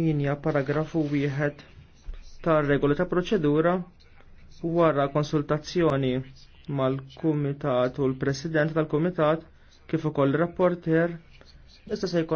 Linja paragrafu wieħed tar regoli ta' proċedura wara konsultazzjoni mal-Kumitat u l-President tal-Kumitat kif ukoll rapporter issa se